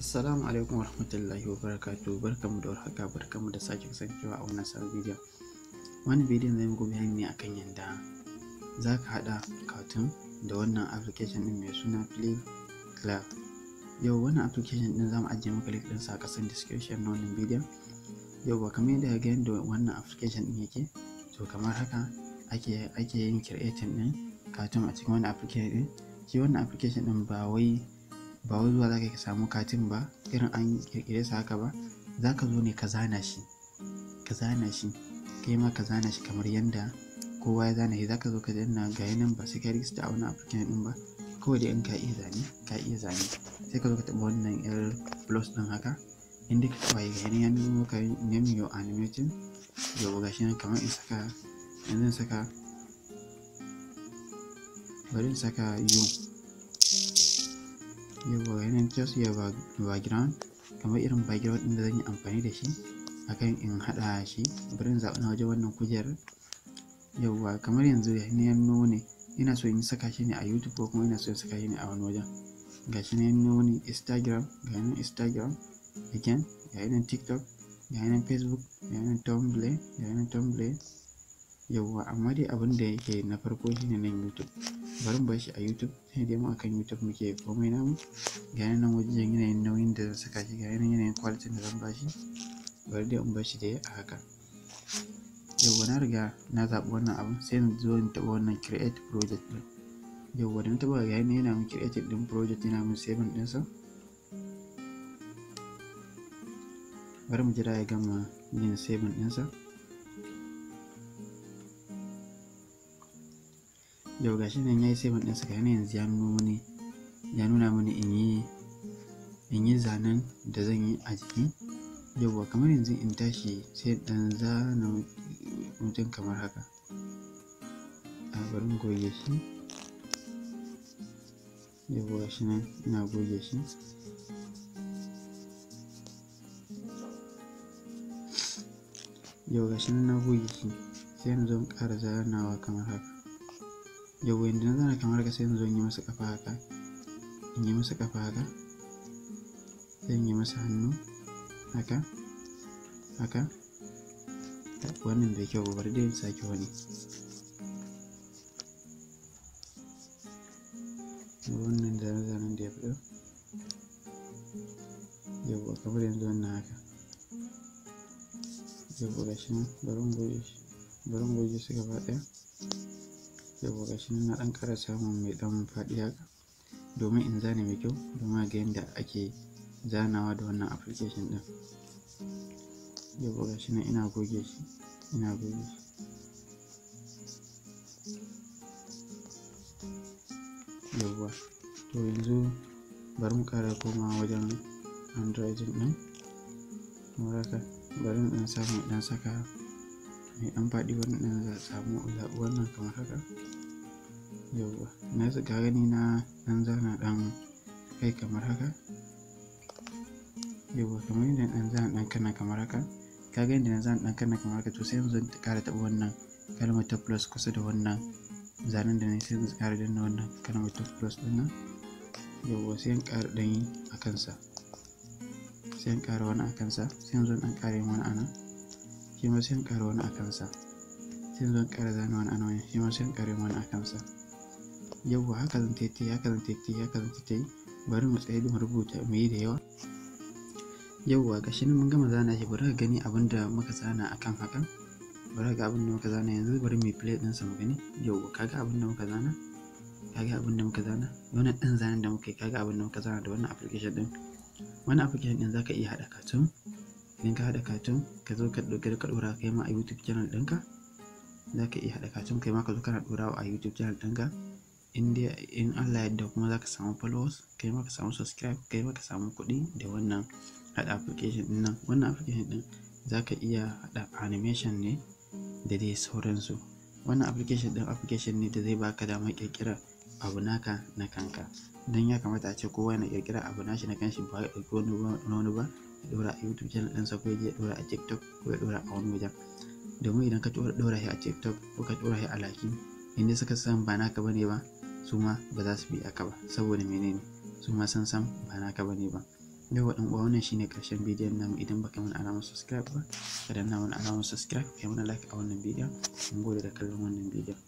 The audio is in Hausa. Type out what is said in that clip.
Assalamu alaikum warahmatullahi wabarakatuh barkamu da warhaka barkamu da sake kasancewa a wannan sabon bidiyon wani bidiyon zai muku bayani ne akan yadda za ka haɗa cartoon da wannan application ɗin mai suna play club yau wannan application ɗin zamu mu ajiye maka link ɗinsa a ƙasan description na wannan bidiyon yau ba kamar yadda ga yadda wannan application ɗin yake to kamar haka ake ake yin creating ɗin cartoon a cikin wannan application ɗin shi wannan application ɗin ba wai ba wai zuwa zaka ka samu katin ba irin an kirkire sa haka ba zaka zo ne ka zana shi ka zana shi kai ma ka zana shi kamar yanda kowa ya zana shi zaka zo ka danna ga yanan ba sai ka register a wani application din ba kawai dai in ka iya zane ka iya zane sai ka zo ka taɓa wannan yar plus din haka inda ka taɓa ga yanan ya nuno ka name your animation yau ga shi nan kamar in saka yanzu in saka bari in saka you yawa yanayin ya your background kamar irin background ɗin da zan yi amfani da shi akan in haɗa shi bari in zaɓi na wajen wannan kujerar yawa kamar yanzu ya na yanno ne ina so in saka shi ne a youtube ko kuma ina so in saka shi ne a wani wajen ga shi na yanno ne instagram ga yanan instagram again ga yanan tiktok ga yanan facebook ga yanan tumblr ga yanan tumblr yawa amma dai abin da yake na farko shine nan youtube bari ba shi a youtube sai dai mu akan youtube muke komai namu gani nan wajen yanayin nauyin da zan saka shi gani nan yanayin kwalitin da zan bashi bari dai in bashi dai a haka yawwa na riga na zaɓi wannan abun sai na zo in taɓa wannan create project ɗin yawwa da na taɓa gani yanayin yana min create ɗin project yana min saving ɗinsa bari mu jira ya gama yin saving ɗinsa yau gashi nan ya yi sai ɗinsa ga yana yanzu ya nuna mini ya nuna mini in yi in yi zanen da zan yi a jiki yauwa kamar yanzu in tashi sai ɗan zana mutum kamar haka a bari in goge shi yauwa shi nan ina goge shi yau gashi nan na goge shi sai yanzu in ƙara zanawa kamar haka yau yanda na zana kamar ka sai yanzu zo in yi masa kafa haka in yi masa kafa haka sai in yi masa hannu haka haka wannan bai kyau bari dai sake wani wannan zane-zanen da ya fito yau kamar yanzu wannan haka yau ga shi nan bari mu goge shi bari mu su gaba ɗaya yau ga shi na ɗan ƙara samun mai ɗan faɗi haka domin in zane mai kyau domin ga yadda ake zanawa da wannan application ɗin yau ga shi na ina goge shi ina goge shi yauwa to yanzu bari mu ƙara koma wajen android ɗin kamar haka bari in ɗan samu ɗan saka mai ɗan faɗi wannan za samu wannan kamar haka yauwa na ga gani na ɗan zana ɗan kai kamar haka yauwa kamar yadda ɗan zana ɗan kana kamar haka ka gani da dan zana ɗan kana kamar haka to sai yanzu ta ƙara taɓa wannan kalmar ta plus kusa da wannan zanen da ne sai yanzu ƙara danna wannan kalmar ta plus ɗin nan yauwa sai in ƙara ɗanyi a kansa sai in ƙara wani a kansa sai yanzu ɗan ƙara yin wani a nan shi ma sai in ƙara wani a kansa sai zan ƙara zana wani anoyin shi ma sai in ƙara wani a kansa yawwa haka zan taitai haka zan taitai haka zan taitai bari mu tsaye mu rubuta mu yi da yawa yawwa gashi nan mun gama zana shi bari ka gani abin da muka zana akan hakan bari ga abin da muka zana yanzu bari mu yi play ɗinsa mu gani yawwa kaga abin da muka zana kaga abin da muka zana wannan din zanen da muka yi kaga abin da muka zana da wannan application din wannan application din zaka iya hada cartoon idan ka haɗa katun ka zo ka ɗauke ka ɗora kai ma a youtube channel ɗinka za ka iya haɗa katun kai ma ka zo kana ɗorawa a youtube channel ɗinka in dai in allah yadda kuma za ka samu followers kai ma ka samu subscribe kai ma ka samu kuɗi da wannan haɗa application ɗin nan wannan application ɗin za ka iya haɗa animation ne da dai sauransu wannan application ɗin application ne da zai baka damar ƙirƙirar abu naka na kanka don ya kamata a ce kowa yana ƙirƙirar abu nashi na kanshi ba ya ɗauki wani ba ya ɗora a YouTube channel ɗinsa ko ya je ɗora a TikTok ko ya ɗora a wani wajen domin idan ka ɗora shi a TikTok ko ka ɗora shi a laki inda suka san ba naka bane ba su ma ba za su bi aka ba saboda menene su ma san san ba naka bane ba yau wa ɗan'uwa wannan shine ƙarshen bidiyon namu idan baka mana alamar subscribe ba ka danna mana alamar subscribe kai mana like a wannan bidiyon mun gode da kallon wannan bidiyon